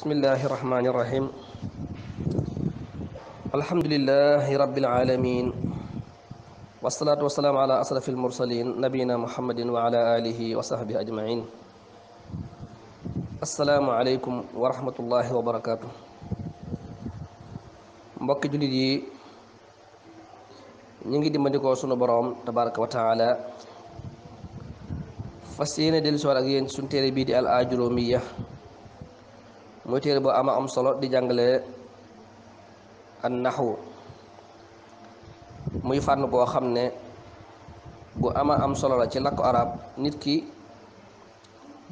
بسم الله الرحمن الرحيم الحمد لله رب العالمين والصلاة والسلام على أشرف المرسلين نبينا محمد وعلى آله وصحبه أجمعين السلام عليكم ورحمة الله وبركاته مبكي جلدي نجد ñu ngi dimbandikoo بروم تبارك وتعالى فسينا taala fas yéene dellu ak yéen muy téere boo ama am solo di jàngale an naxwu muy fànn boo xam ne bu ama am solo la ci làkku arab nit ki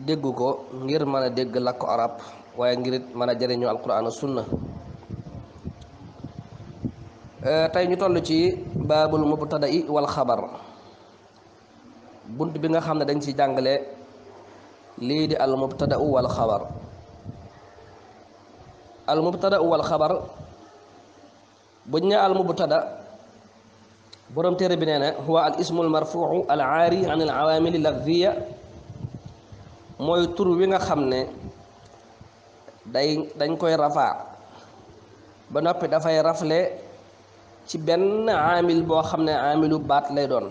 dégg ko ngir mën a dégg làkku arab waaye ngir mën a jëriñoo alquraan sunna eh, tey ñu toll ci baabul mubtada i wal xabar bunt bi nga xam ne dañ ci jàngale lii di al mubtada u wal xabar al mubtada wal xabar buñ ne al mubtada borom téere bi nee na huwa al ismul marfuu al aari an al awaamili lafziya mooy tur wi nga xam ne day dañ koy rafaa ba noppi dafay rafle ci benn aamil boo xam ne aamilu baat lay doon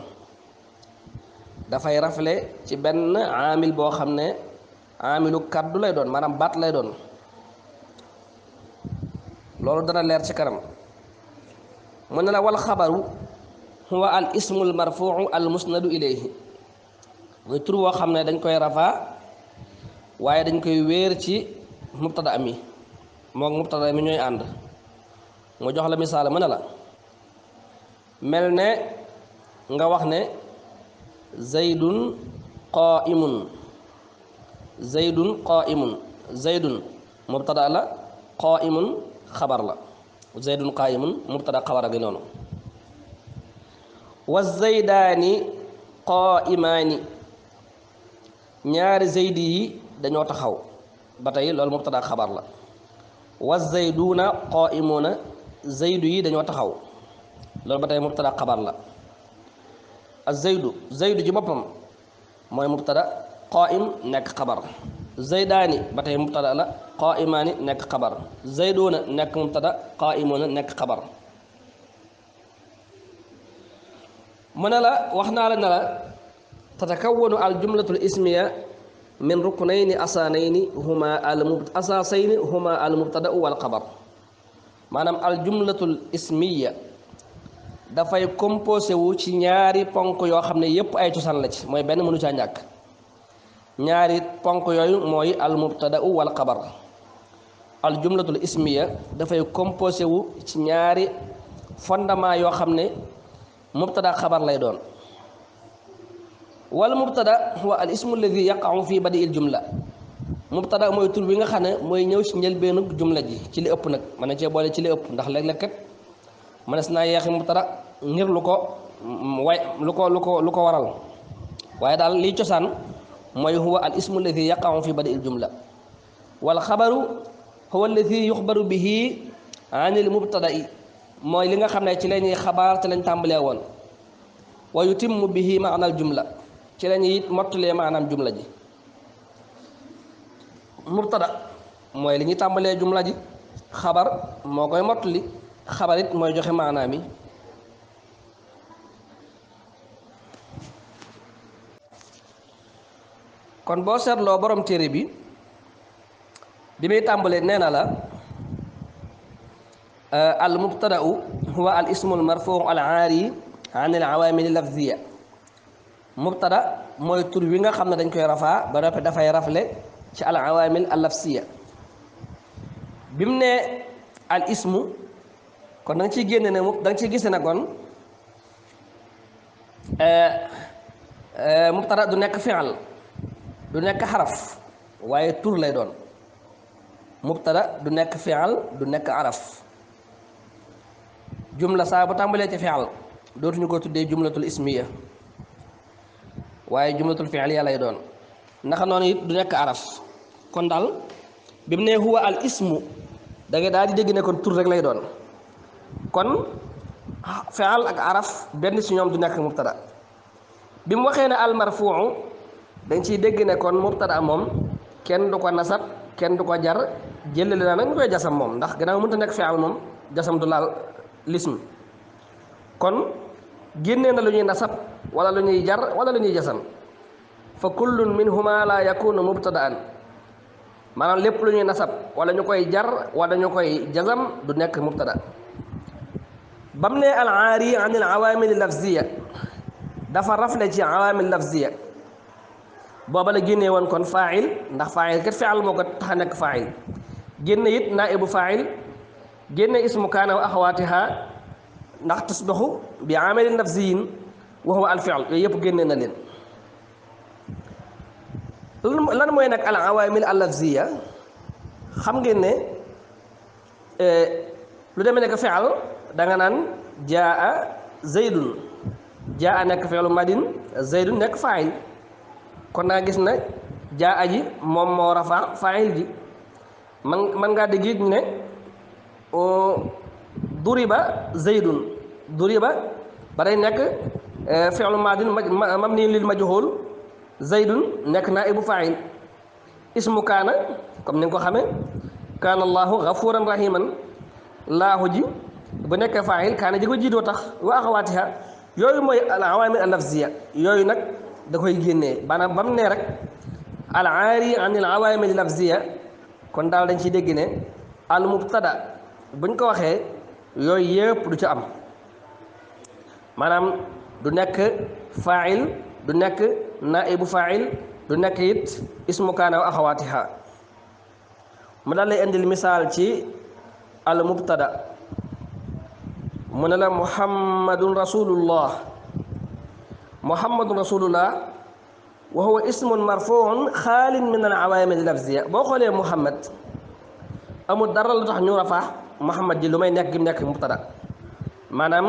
dafay rafle ci benn aamil boo xam ne aamilu kaddu lay doon maanaam baat lay doon loolu dana leer ci karam mu wal khabaru huwa al ismul marfuu al musnadu ilayhi mooy tur wo xamne dañ koy rafa waye dañ koy wéer ci mubtada am yi moog mubtada mi ñoy and mo jox la misal mu la nga wax ne zaidun qaimun Zaidun qaimun zaidun. mubtada la qaimun xabar la zaydun qaayimun mubtada xabar a ngi noonu wa zaydaani qaayimaani ñaari zaydi yi dañoo taxaw ba tey loolu mubtada xabar la wa zayduuna qaayimuuna zaydu yi dañoo taxaw lool ba tey mubtada xabar la ak zaydu zaydu ci boppam mooy mubtada qaayim nekk xabar زيدان باتي مبتدا لا قائمان نك خبر زيدون نك مبتدا قائمون نك خبر منالا واخنا لا نالا تتكون الجمله الاسميه من ركنين اسانين هما المبتدا اساسين هما المبتدا والخبر مانام الجمله الاسميه دا فاي كومبوسي و سي نياري بونكو يو خامني ييب اي توسان لا سي موي بن منو جا نياك ñaari ponk yooyu mooy al mubtada u wal xabar al jumlatul ismiya dafay composé wu ci ñaari fondement yoo xam ne mubtada xabar lay doon wal mubtada wa al ismu yàq yaqamu fi badi il jumla mubtada mooy tur bi nga xam ne mooy ñëw ci njëlbeenu jumla ji ci li ëpp nag mën na cee boole ëpp ndax léeg-léeg kat mënees naa yeexi mubtada ngir lu ko way lu ko lu ko lu ko waral waaye daal liy cosaan ما هو الاسم الذي يقع في بدء الجملة والخبر هو الذي يخبر به عن المبتدأ ما ليغا خامنا سي لا ني خبار تا لن تامبالي وون ويتم به معنى الجملة سي لا ني موتلي معنى الجملة جي مبتدا موي لي ني تامبالي جملة خبر موكاي موتلي خبرت موي جوخي معنامي kon boo seetloo boroom téere bi bi muy tàmbalee nee na la euh, al mubtada'u huwa al ismul marfuu al aari an al awaamili lafziya mubtada mooy tur wi nga xam ne dañ koy rafaa ba noppi dafay rafle ci al awaamil al lafziya bi mu ne al ismu kon da nga ciy génne ne da nga ciy gise ne kon euh, euh, mubtada du nekk fi'al du nekk xaraf waaye tur lay doon mubtada du nekk fial du nekk araf jumla saa bu tàmbalee ci fial dootuñu ko tuddee jumlatul ismiya waaye jumlatul fialiya lay doon ndaxa noonu it du nekk araf kon daal bi mu nee huwa al ismu da daal di dégg ne kon tur rek lay doon kon fial ak araf benn si ñoom du nekk mubtada bi mu waxee ne al dañ ciy dégg ne kon mubtada moom kenn du ko nasab kenn du ko jar jëlale naa nag ñu koy jasam moom ndax gannaaw mënta nekk fi'il moom jasam du laal lism kon génnee na lu ñuy nasab wala lu ñuy jar wala lu ñuy jasam fa kullun minhuma la yakunu mubtadaan maanaam lépp lu ñuy nasab wala ñu koy jar wala ñu koy jasam du nekk mubtada bam ne al aari an al awaamil lafziya dafa rafle ci awaamil lafziya booba la génnee woon kon faayil ndax faayil kat fi'l moo ko tax a nekk faayil génne it naibu faayil génne ismu kaana wa axawaatiha ndax tasbaxu bi amalin nafsiyin wa al fi'l yooyu yëpp génne na leen lan mooy nag al awaamil al lafziya xam ngeen ne eh, lu demee nekk fi'l danga naan jaa zaydun jaa nekk fi'lu madin zaydun nekk faayil kon naa gis na jaa aji moom moo rafa faayil ji man man ngaa dégg ne duriba zaydun duriba ba day nekk e, fi'lu maadin mabniyun lil majhul zaydun nekk naa'ibu faayil ismu kaana comme ni ko xame kaana allaahu gafuuran rahiman laahu ji bu nekkee faayil kaana ji ko jiitoo tax wa axawaatiha yooyu mooy al awaamir al lafziya yooyu nag da koy génnee maanaam ba mu ne rek al aari an il awaamil lafziya kon daal dañ ci dégg ne al mubtada buñ ko waxee yooyu yëpp du ci am maanaam du nekk faa'il du nekk naibu faa'il du nekk it ismu kaana wa axawaatiha mu daal lay indil misaal ci al mubtada mu ne la muhammadun rasulullah محمد رسول الله وهو اسم مرفوع خال من العوامل اللفظيه بقول محمد امو الدار اللي راح محمد دي لوماي نيك نيك مبتدا مانام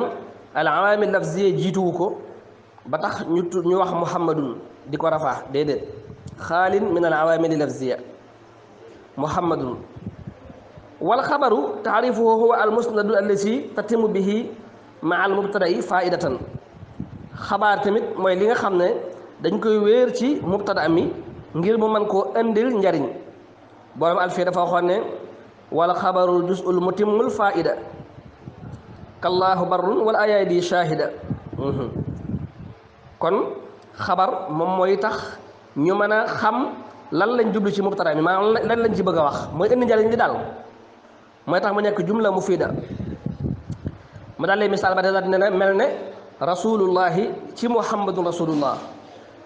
العوامل اللفظيه جيتوكو باتخ ني ني محمد ديكو رفع ديدت خال من العوامل اللفظيه محمد والخبر تعريفه هو المسند الذي تتم به مع المبتدا فائده xabaar tamit mooy li nga xam ne dañ koy wéer ci mubtada mi ngir mu man koo indil njariñ borom alfiya dafa waxoon ne wala xabarul jusul mutimmul faida kallaahu barrun wala ayadi shahida mhm. kon xabar moom mooy tax ñu mën a xam lan lañ jublu ci mubtada mi maanaam lan lañ ci bëgg a wax mooy indi njariñ li daal mooy tax mu nekk jumla mufiida mu daal misaal ba dèjà dina ne mel ne rasulullahi ci muhammadun rasulullah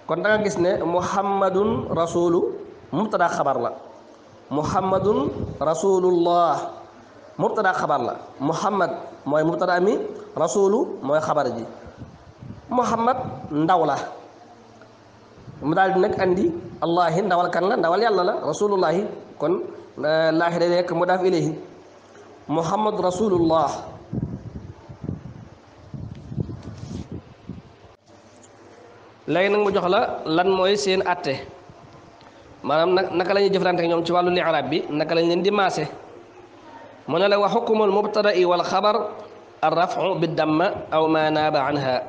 kon da nga gis ne muhammadun rasulu mubtada xabar la muhammadun rasulullah mubtada xabar la muhammad mooy mubtada mi rasulu mooy xabar ji muhammad ndaw la mu daal di nag andi allahi ndawal kan la ndawal yàlla la rasulullahi kon laahi day nekk mu daaf ilayhi muhammad rasulullah léegi nag mu jox la lan mooy seen atte maanaam nag naka la ñuy jëflante ak ñoom ci wàllu ni arab bi naka lañ leen di maase mu ne la wa xukmul mubtada'i wal xabar ar rafu bi damm aw ma naaba anha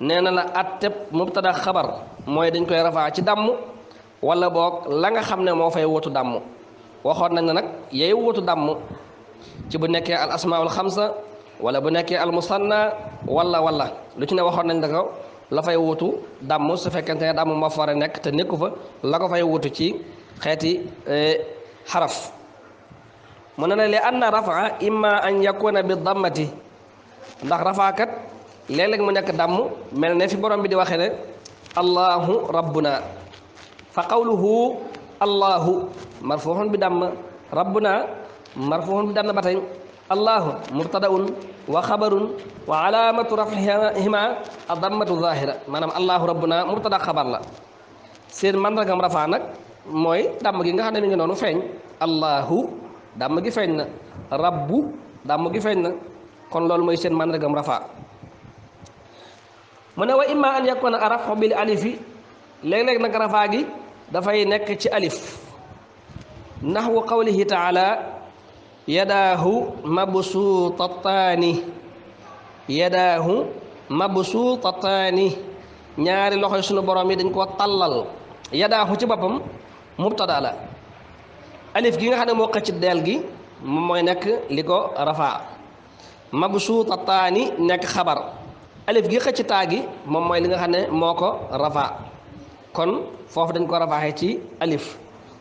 nee na la atteb mubtada xabar mooy dañ koy rafaa ci dàmm wala boog la nga xam ne moo fay wutu dàmm waxoon nañ ne nag yey wutu dàmm ci bu nekkee al asmaul xamsa wala bu nekkee al musanna walla wala lu ci ne waxoon nañ da ko la fay wutu damm su fekkente ne damm ma fare nekk te nekku fa la ko fay wutu ci xeeti eh, xaraf mu ne ne li anna rafaa imma an yakuna bi dammati ndax rafaakat léeg-léeg mu nekk damm mel ne fi borom bi di waxee ne allahu rabbuna fa qawluhu allahu marfuuxun bi damm rabbuna marfuuxun bi damm ba tey allahu mubtadaun wa xabarun wa alaamatu rafihima a dammatu zahira maanaam allahu rabbuna mubtada xabar la seen mandargam rafaa nag mooy dàmm gi nga xam ne mi ngi noonu feeñ allahu dàmm gi feeñ na rabbu dàmm gi feeñ na kon loolu mooy seen mandargam rafaa mu ne wa imma an yakuna araf bil alifi léeg-léeg nag rafaa gi dafay nekk ci alif naxwu qawlihi taala yadaahu mabsuutataani yadaahu mabsuutataani ñaari loxoy sunu borom yi dañ koo tàllal yadaahu ci boppam mubtada la alif gi nga xam ne moo xëcc deel gi moom mooy nekk li ko rafaa mabsuutataani nekk xabar alif gi xëcc taa gi moom mooy li nga xam ne moo ko rafaa kon foofu dañ ko rafaaxee ci alif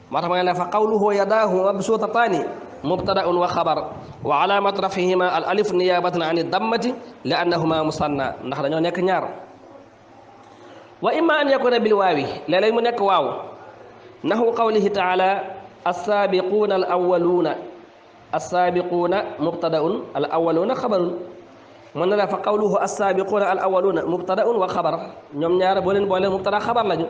moo tax ma ne la fa qawluhu yadaahu mabsuutataani مبتدا وخبر وعلامة رفعهما الالف نيابه عن الضمه لانهما مصنع نخدا نيو نيك نيار واما ان يكون بالواو لا لا نيك واو نحو قوله تعالى السابقون الاولون السابقون مبتدا الاولون خبر من فقوله السابقون الاولون مبتدا وخبر نيوم نيار بولين بولين مبتدا خبر لا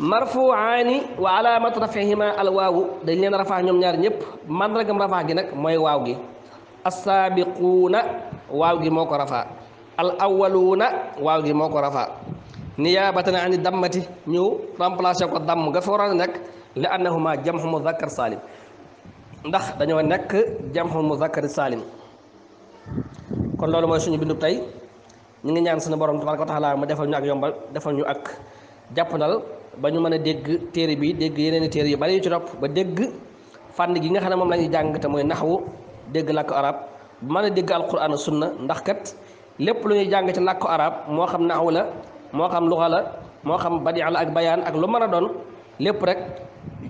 marfuaani wa alaamat rafihima alwaawu dañ leen rafaa ñoom ñaar ñëpp màndargam rafaa gi nag mooy waaw gi assaabiquuna waaw gi moo ko rafaa al awaluuna waaw gi moo ko rafaa niyaabatan ani dammati ñu remplacé ko damm ga fa waroon nekk li annahuma jamxu muzakkar saalim ndax dañoo nekk jamxu muzakkari saalim kon loolu mooy suñu bindu tey ñu ngi ñaan suñu borom tabaraka wa taala mu defal yombal defal ñu ak jàppandal ba ñu mën a dégg téere bi dégg yeneen i téere yu bari yu ci topp ba dégg fànn gi nga xam ne moom lañuy ñuy jàng te mooy naxwu dégg làkku arab mën a dégg alquran sunna ndax kat lépp lu ñuy jàng ci làkku arab moo xam naxwu la moo xam luxa moo xam badia la ak bayaan ak lu mën a doon lépp rek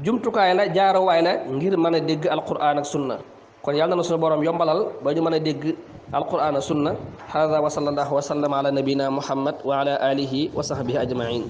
jumtukaay la jaarowaay la ngir mën a dégg alquran ak sunna kon yàlla na suñu borom yombalal ba ñu mën a dégg alquran ak sunna hada wa sallallahu wa sallam ala nabina muhammad wa ala alihi wa sahbihi ajmain